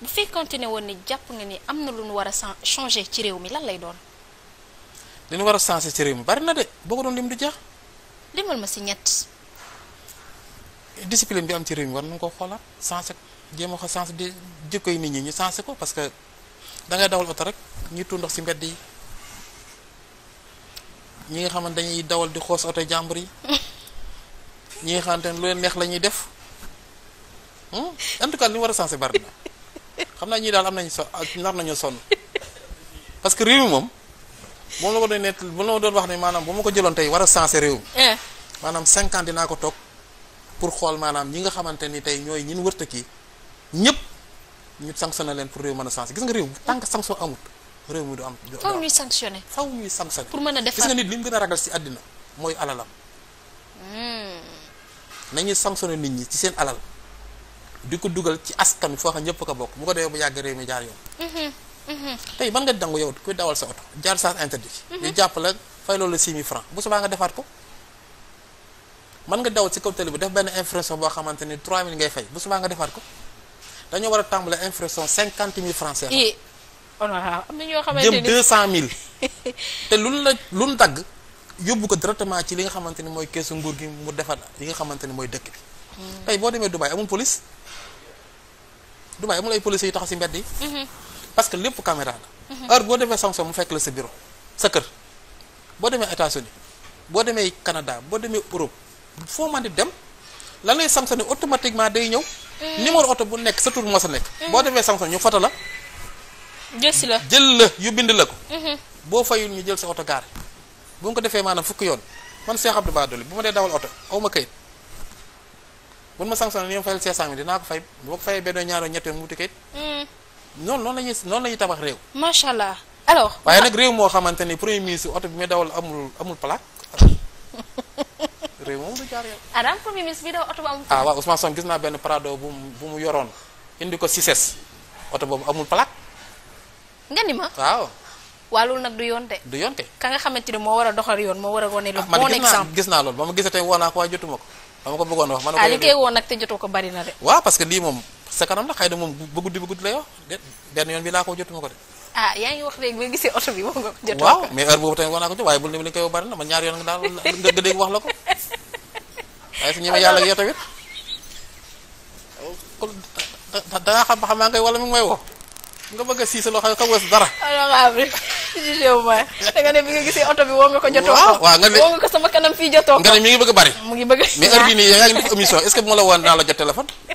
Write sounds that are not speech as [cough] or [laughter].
bu fekkonte ne woon ne jàpp nga ni am na lu ñu war a changer ci réew mi lan lay doon. li ñu war a changer ci réew mi bari na de boo ko doon lim du jeex. limal ma si ñett. discipline bi am ci réew mi war nañu ko xoolaat sensé jéem a ko sensé di jëkk yi nit ñi ñu sensé ko parce que da ngay dawal oto rek ñuy tuur ndox si mbedd yi ñi nga xamante dañuy dawal di xoos oto jàmbur yi [laughs] ñi nga xamante ne lu leen neex la ñuy def hmm? en tout cas li war a sensé bari xam naa ñii daal am nañu so nar nañoo sonn parce que réew mi moom moom la ko doon nett ba la doon wax ne maanaam bu ma ko jëloon tey war a sensé réew mi eh. maanaam cinquante dinaa ko toog pour xool maanaam ñi nga xamante ni tey ñooy ñin wërta kii ñëpp ñu sanctionné leen pour mën a sensé gis nga réew tant tànk sanction amut réew mi du am faw ñuy sanctionné faw ñuy sanctionné pour mën a defar gis nga nit li mu gën a ragal si àddina mooy alalam hmm. nañuy sanctionné nit ñi ci seen alal di ko dugal ci askan foo xam ñëpp ko bokk bu ko defee bu yàgg réew mi jaar yoon. Mhm, mhm. tey mën nga dangu yow kuy dawal sa oto jaar sens interdit. Mhm. ñu jàpp la fay loolu six mille francs bu subaa nga defaat ko. mën nga daw ci kaw tali def benn infraction boo xamante ni 3000 ngay fay bu subaa nga defaat ko dañoo war a tàmbale infraction cinquante mille francs CFA. on a am na ñoo xamante ni jëm 200000. [laughs] te luñ la luñ dagg yóbbu ko directement ci li nga xamante ni mooy keesu nguur gi mu defar li nga xamante ni mooy dëkk bi. tey boo demee Dubaï amul police Dubaï amul ay police yu taxaw si mbedd yi. Mhm. parce que lépp caméra la. Mhm. heure boo defee sanction mu fekk la sa bureau sa kër boo demee États-Unis boo demee Canada boo demee Europe foo man di dem lan lay sanctionné automatiquement day ñëw. Mhm. numéro oto bu nekk sa tur moo sa nekk. boo defee sanction ñu foto la. jël si la jël la yu bind la ko. boo fayul ñu jël sa oto gaare bu nga ko defee maanaam fukk yoon man Cheikh Abdou Bara Dolly bu ma dee dawal oto aw ma bu ma sanctionné ni ma fayal 500000 dinaa ko fay boo ko fayee benn ñaar ñett mu wuti kayit. Hmm. noonu noonu la ñuy la ñuy tabax réew. macha allah alors. waaye nag réew moo xamante ni premier ministre oto bi muy dawal amul amul plaque. [laughs] réew moom du jaar yow. ah daan premier ministre bi daw oto bu amul. ah waaw Ousmane bu mu bu mu yoroon indi ko Cices oto boobu amul plaque. nga ni ma waaw. waa loolu nag du yoon de. du yoon de. ka nga xamante ni moo war a doxal yoon moo war a wane. lu ah, man gis naa gis ba ma gisatee woo naa ko waaye jotuma ko. dama ko bëggoon wax. man a ko liggéey ko bari na de. waaw parce que lii moom sa kanam la benn yoon bi laa ko jotuma ko de. ah yaa ngi wax léegi ba gisee oto bi moom nga ko jotoo waaw mais heure boobu tamit wax jot waaye bul ne li nga koy wax bari na man ñaar yoon daal nga dégg wax la ko waaye su ñëwee yàlla ak yow tamit [laughs] da da xam maa ngay wala mi ngi may woo nga bëgg a siise loo xam ne xamoo si dara. alors que da nga ne bi nga gisee oto bi woo nga ko jotoo waaw nga nga ko sama kanam fii jotoo nga ne mi ngi bëgg a bari. mu ngi bëgg mais heure bii nii def émission est que bu ma la woon naa la jot téléphone.